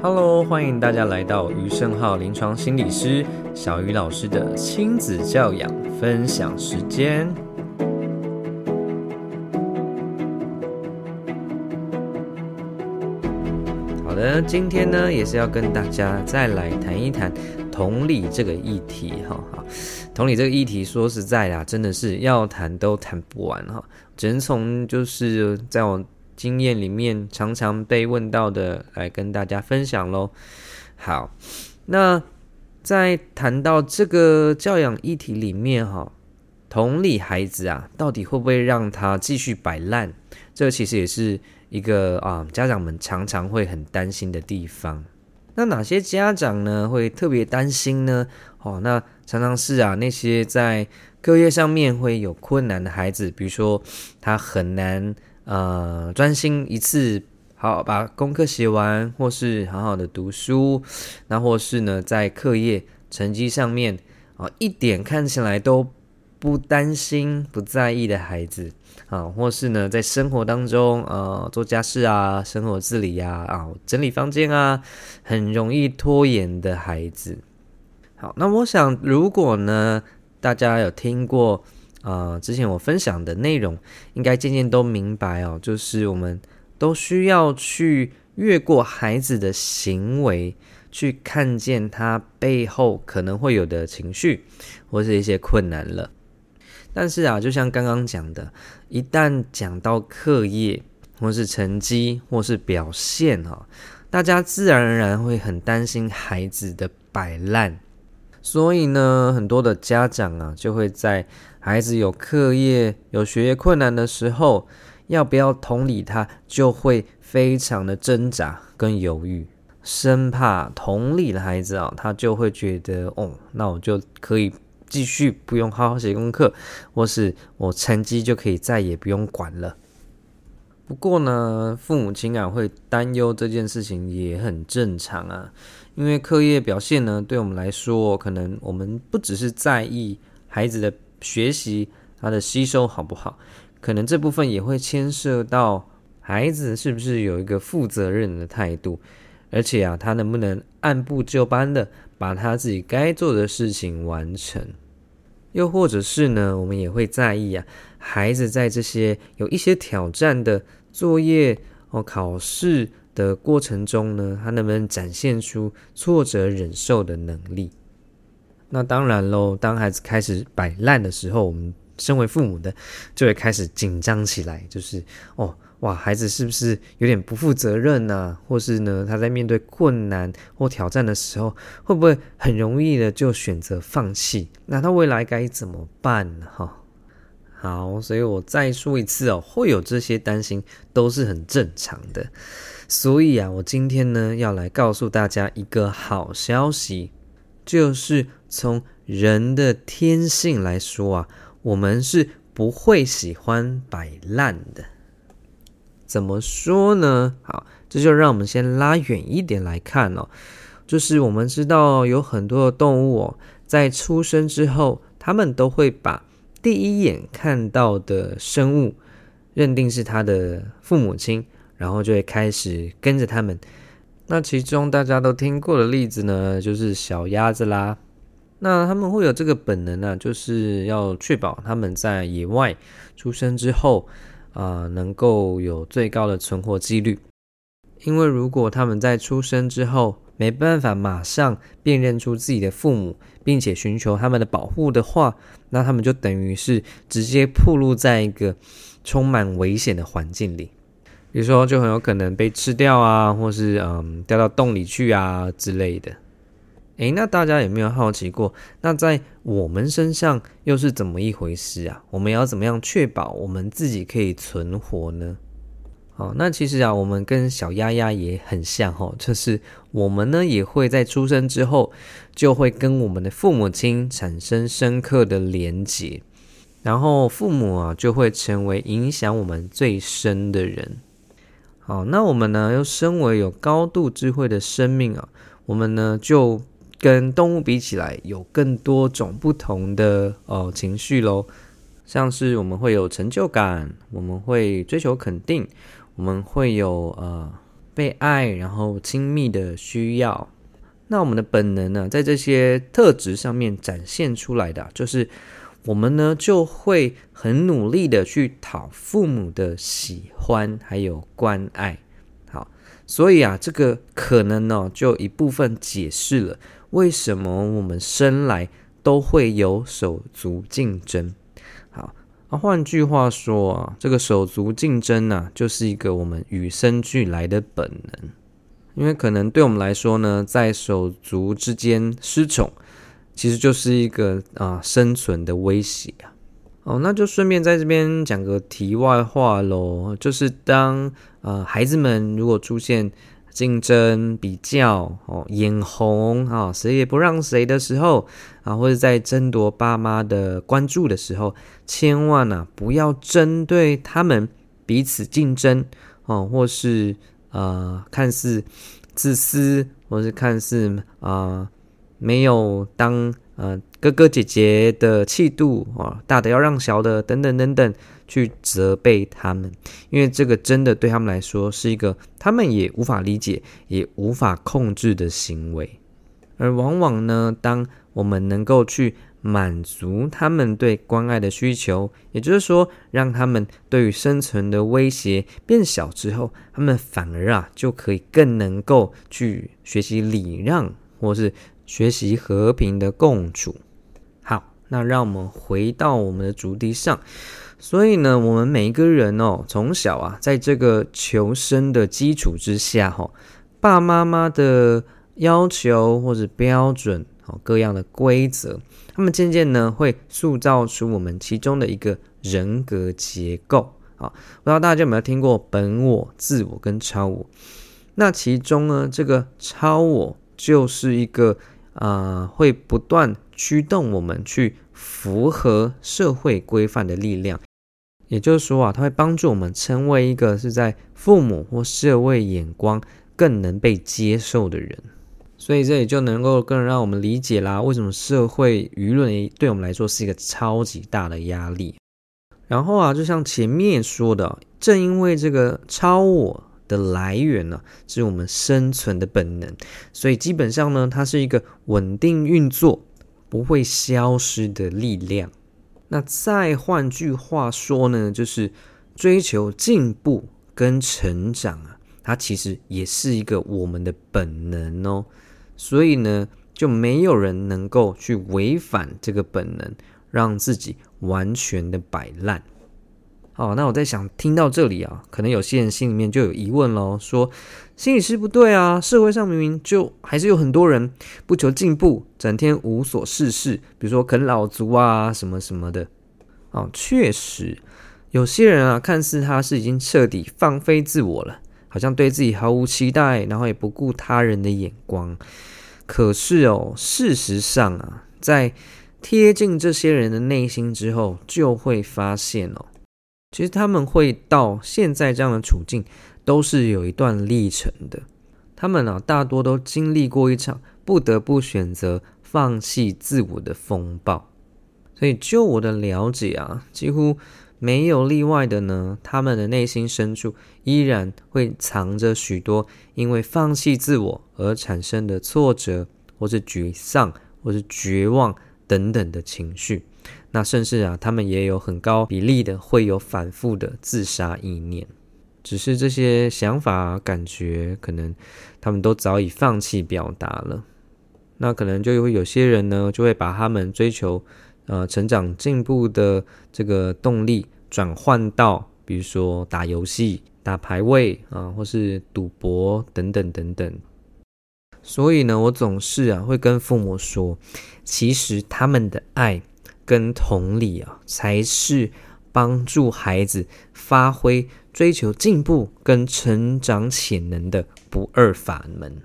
Hello，歡迎大家來到余勝皓臨床心理師小魚老師的親子教養分享時間。好的，今天呢也是要跟大家再來談一談同理這個議題。哈、哦，同理這個議題說實在啊，真的是要談都談不完哈、哦，只能從就是在我。經驗裡面常常被問到的，來跟大家分享咯。好，那在談到這個教養議題裡面哈，同理，孩子啊，到底會不會讓他繼續擺爛？這其實也是一個啊，家長們常常會很擔心的地方。那哪些家長呢會特別擔心呢？哦，那常常是啊，那些在課業上面會有困難的孩子，比如說他很難。呃，專心一次，好，把功課寫完，或是好好的讀書，那或是呢，在課業成績上面啊、呃，一點看起來都不擔心、不在意的孩子啊、呃，或是呢，在生活當中啊、呃，做家事啊，生活自理呀、啊，啊、呃，整理房間啊，很容易拖延的孩子。好，那我想，如果呢，大家有聽過。呃，之前我分享的內容，應該漸漸都明白哦，就是我們都需要去越過孩子的行為，去看見他背後可能會有的情緒，或是一些困難了。但是啊，就像剛剛講的，一旦講到課業，或是成績，或是表現哦，大家自然而然會很擔心孩子的擺爛。所以呢，很多的家長啊，就會在孩子有課業、有學業困難的時候，要不要同理他，就會非常的掙扎跟猶豫，生怕同理的孩子啊，他就會覺得，哦，那我就可以繼續不用好好寫功課，或是我成績就可以再也不用管了。不過呢，父母親啊，會擔憂這件事情也很正常啊。因為課業表現呢，對我們來說，可能我們不只是在意孩子的學習，他的吸收好不好，可能這部分也會牽涉到孩子是不是有一個負責任的態度，而且啊，他能不能按部就班的把他自己該做的事情完成，又或者是呢，我們也會在意啊，孩子在這些有一些挑戰的作業哦、考試的過程中呢，他能不能展現出挫折忍受的能力？那當然嘍。當孩子開始擺爛的時候，我們身為父母的就會開始緊張起來，就是哦哇，孩子是不是有點不負責任呢、啊？或是呢，他在面對困難或挑戰的時候，會不會很容易的就選擇放棄？那他未來該怎麼辦呢？哈、哦，好，所以我再說一次哦，會有這些擔心都是很正常的。所以啊，我今天呢，要來告訴大家一個好消息，就是從人的天性來說啊，我們是不會喜歡擺爛的。怎麼說呢？好，這就讓我們先拉遠一點來看哦，就是我們知道有很多的動物哦，在出生之後，他們都會把第一眼看到的生物認定是他的父母親。然後就會開始跟着他們。那其中大家都聽過的例子呢，就是小鴨子啦。那他們會有這個本能呢、啊，就是要確保他們在野外出生之後啊、呃，能夠有最高的存活幾率。因為如果他們在出生之後沒辦法馬上辨認出自己的父母，並且尋求他們的保護的話，那他們就等於是直接暴露在一個充滿危險的環境裡。比如說，就很有可能被吃掉啊，或是嗯掉到洞裡去啊之類的。誒，那大家有沒有好奇過？那在我們身上又是怎麼一回事啊？我們要怎麼樣確保我們自己可以存活呢？好，那其實啊，我們跟小鴨鴨也很像哦，就是我們呢也會在出生之後，就會跟我們的父母親產生深刻的連結，然後父母啊就會成為影響我們最深的人。好、哦，那我們呢，又身為有高度智慧的生命啊，我們呢就跟動物比起來，有更多種不同的、哦、呃、情緒嘍。像是我們會有成就感，我們會追求肯定，我們會有啊、呃、被愛然後親密的需要。那我們的本能呢，在這些特質上面展現出來的、啊，就是。我們呢就會很努力的去討父母的喜歡，還有關愛。好，所以啊，這個可能呢、哦，就一部分解釋了為什麼我們生來都會有手足競爭。好，那換句話說啊，這個手足競爭呢、啊，就是一個我們與生俱來的本能。因為可能對我們來說呢，在手足之間失寵。其實就是一個啊、呃、生存的威脅啊，哦，那就順便在這邊講個題外話嘍，就是當呃孩子們如果出現競爭比較哦，眼紅啊、哦、誰也不讓誰的時候啊，或者在爭奪爸媽的關注的時候，千萬啊不要針對他們彼此競爭哦，或是呃看似自私，或是看似啊。呃沒有當呃哥哥姐姐的氣度啊，大的要讓小的等等等等去責備他們，因為這個真的對他們來說是一個他們也無法理解也無法控制的行為。而往往呢，當我們能夠去滿足他們對關愛的需求，也就是說，讓他們對於生存的威脅變小之後，他們反而啊就可以更能夠去學習禮讓，或是。學習和平的共處。好，那讓我們回到我們的主題上。所以呢，我們每一個人哦，從小啊，在這個求生的基礎之下，哦，爸爸媽媽的要求或者標準，哦，各樣的規則，他們漸漸呢，會塑造出我們其中的一個人格結構。啊，不知道大家有沒有聽過本我、自我跟超我？那其中呢，這個超我就是一個。呃，會不斷驅動我們去符合社會規範的力量，也就是說啊，它會幫助我們成為一個是在父母或社會眼光更能被接受的人。所以這也就能夠更讓我們理解啦，為什麼社會輿論對我們來說是一個超級大的壓力。然後啊，就像前面說的，正因為這個超我。的來源呢，是我們生存的本能，所以基本上呢，它是一個穩定運作、不會消失的力量。那再換句話說呢，就是追求進步跟成長啊，它其實也是一個我們的本能哦。所以呢，就沒有人能夠去違反這個本能，讓自己完全的擺爛。哦，那我在想，聽到這裡啊，可能有些人心裡面就有疑問嘍，說心理師不對啊，社會上明明就還是有很多人不求進步，整天無所事事，比如說啃老族啊什麼什麼的。哦，確實，有些人啊，看似他是已經徹底放飛自我了，好像對自己毫無期待，然後也不顧他人的眼光。可是哦，事實上啊，在貼近這些人的內心之後，就會發現哦。其實他們會到現在這樣的處境，都是有一段歷程的。他們啊，大多都經歷過一場不得不選擇放棄自我的風暴。所以，就我的了解啊，幾乎沒有例外的呢，他們的內心深處依然會藏着許多因為放棄自我而產生的挫折，或是沮喪，或是絕望等等的情緒。那甚至啊，他們也有很高比例的會有反覆的自殺意念，只是這些想法感覺可能他們都早已放棄表達了。那可能就有有些人呢，就會把他們追求呃成長進步的這個動力轉換到，比如說打遊戲、打排位啊，呃，或是賭博等等等等。所以呢，我總是啊會跟父母說，其實他們的愛，跟同理啊，才是幫助孩子發揮追求進步跟成長潛能的不二法門。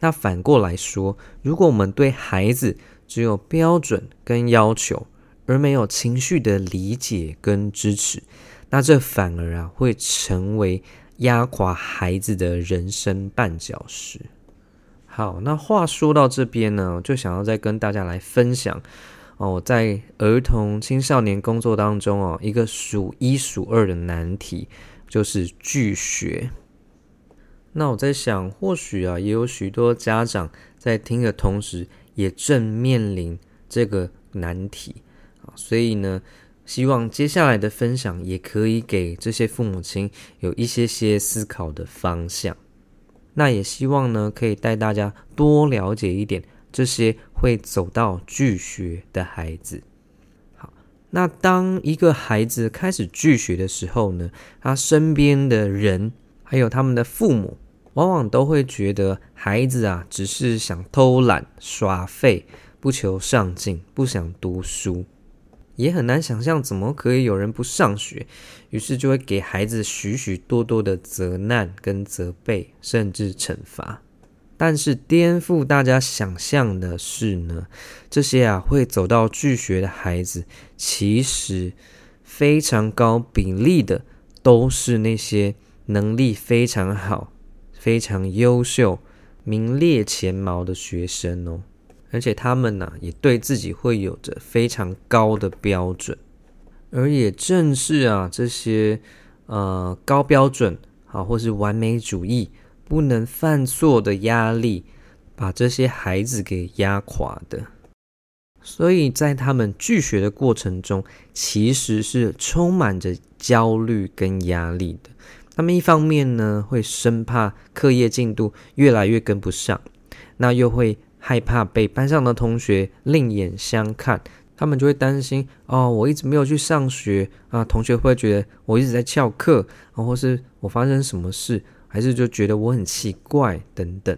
那反過來說，如果我們對孩子只有標準跟要求，而沒有情緒的理解跟支持，那這反而啊會成為壓垮孩子的人生絆腳石。好，那話說到這邊呢，就想要再跟大家來分享。哦，在兒童青少年工作當中哦，一個數一數二的難題就是拒學。那我在想，或許啊，也有許多家長在聽的同時，也正面臨這個難題。所以呢，希望接下來的分享也可以給這些父母親有一些些思考的方向。那也希望呢，可以帶大家多了解一點這些。會走到拒學的孩子。好，那當一個孩子開始拒學的時候呢，他身邊的人還有他們的父母，往往都會覺得孩子啊，只是想偷懶耍廢，不求上進，不想讀書，也很難想象怎麼可以有人不上學，於是就會給孩子許許多多的責難跟責備，甚至懲罰。但是顛覆大家想象的是呢，這些啊，會走到拒學的孩子，其實非常高比例的都是那些能力非常好、非常優秀、名列前茅的學生哦。而且他們吶、啊、也對自己會有着非常高的標準，而也正是啊這些呃高標準啊或是完美主義，不能犯錯的壓力，把這些孩子給壓垮的。所以在他們拒學的過程中，其實是充滿着焦慮跟壓力的。他們一方面呢，會生怕課業進度越來越跟不上，那又會害怕被班上的同學另眼相看。他們就會擔心：哦，我一直沒有去上學啊，同學會覺得我一直在翹課，啊，或是我發生什麼事？還是就覺得我很奇怪等等。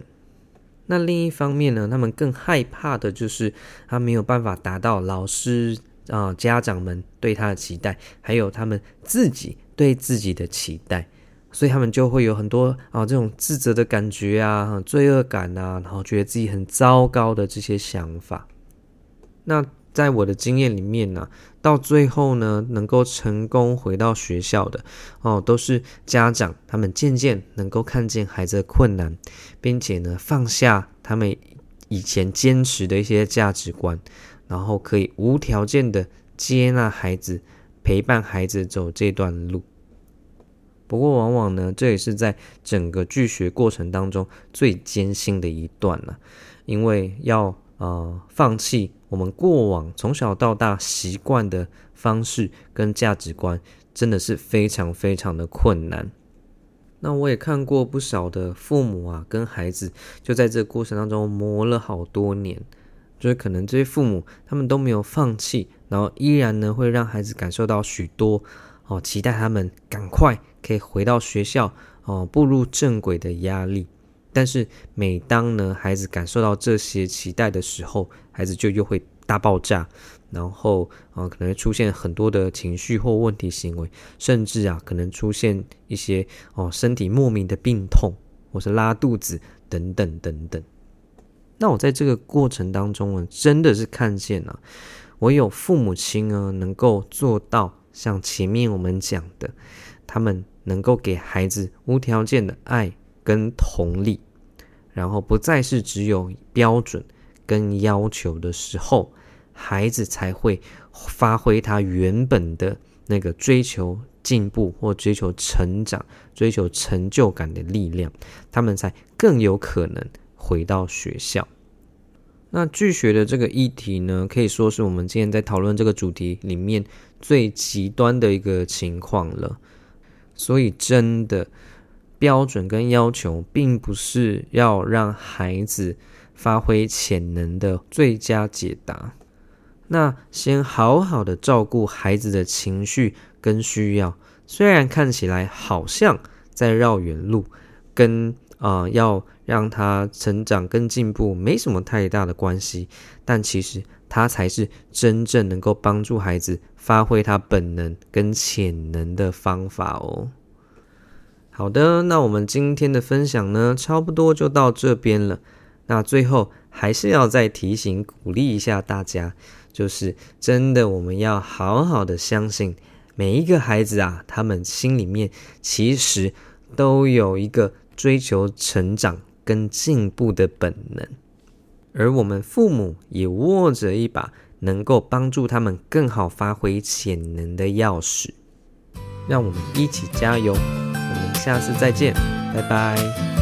那另一方面呢，他們更害怕的就是他沒有辦法達到老師啊、呃、家長們對他的期待，還有他們自己對自己的期待，所以他們就會有很多啊、呃、這種自責的感覺啊、罪惡感啊，然後覺得自己很糟糕的這些想法。那。在我的經驗裡面呢、啊，到最後呢，能夠成功回到學校的哦，都是家長他們漸漸能夠看見孩子的困難，並且呢放下他們以前堅持的一些價值觀，然後可以無條件的接納孩子，陪伴孩子走這段路。不過，往往呢，這也是在整個拒學過程當中最艱辛的一段了、啊，因為要呃放棄。我們過往從小到大習慣的方式跟價值觀，真的是非常非常的困難。那我也看過不少的父母啊，跟孩子就在這過程當中磨了好多年，就是可能這些父母他們都沒有放棄，然後依然呢會讓孩子感受到許多哦，期待他們趕快可以回到學校哦，步入正軌的壓力。但是，每當呢孩子感受到這些期待的時候，孩子就又會大爆炸，然後啊、呃，可能會出現很多的情緒或問題行為，甚至啊，可能出現一些哦、呃、身體莫名的病痛，或是拉肚子等等等等。那我在這個過程當中呢，真的是看見了、啊，唯有父母親呢、啊，能夠做到像前面我們講的，他們能夠給孩子無條件的愛。跟同理，然後不再是只有標準跟要求的時候，孩子才會發揮他原本的那個追求進步或追求成長、追求成就感的力量，他們才更有可能回到學校。那拒學的這個議題呢，可以說是我們今天在討論這個主題裡面最極端的一個情況了，所以真的。標準跟要求，並不是要讓孩子發揮潛能的最佳解答。那先好好的照顧孩子的情緒跟需要，雖然看起來好像在繞遠路跟，跟、呃、啊要讓他成長跟進步沒什麼太大的關係，但其實他才是真正能夠幫助孩子發揮他本能跟潛能的方法哦。好的，那我們今天的分享呢，差不多就到這邊了。那最後還是要再提醒、鼓勵一下大家，就是真的，我們要好好的相信每一個孩子啊，他們心裡面其實都有一個追求成長跟進步的本能，而我們父母也握着一把能夠幫助他們更好發揮潛能的鑰匙，讓我們一起加油。下次再見，拜拜。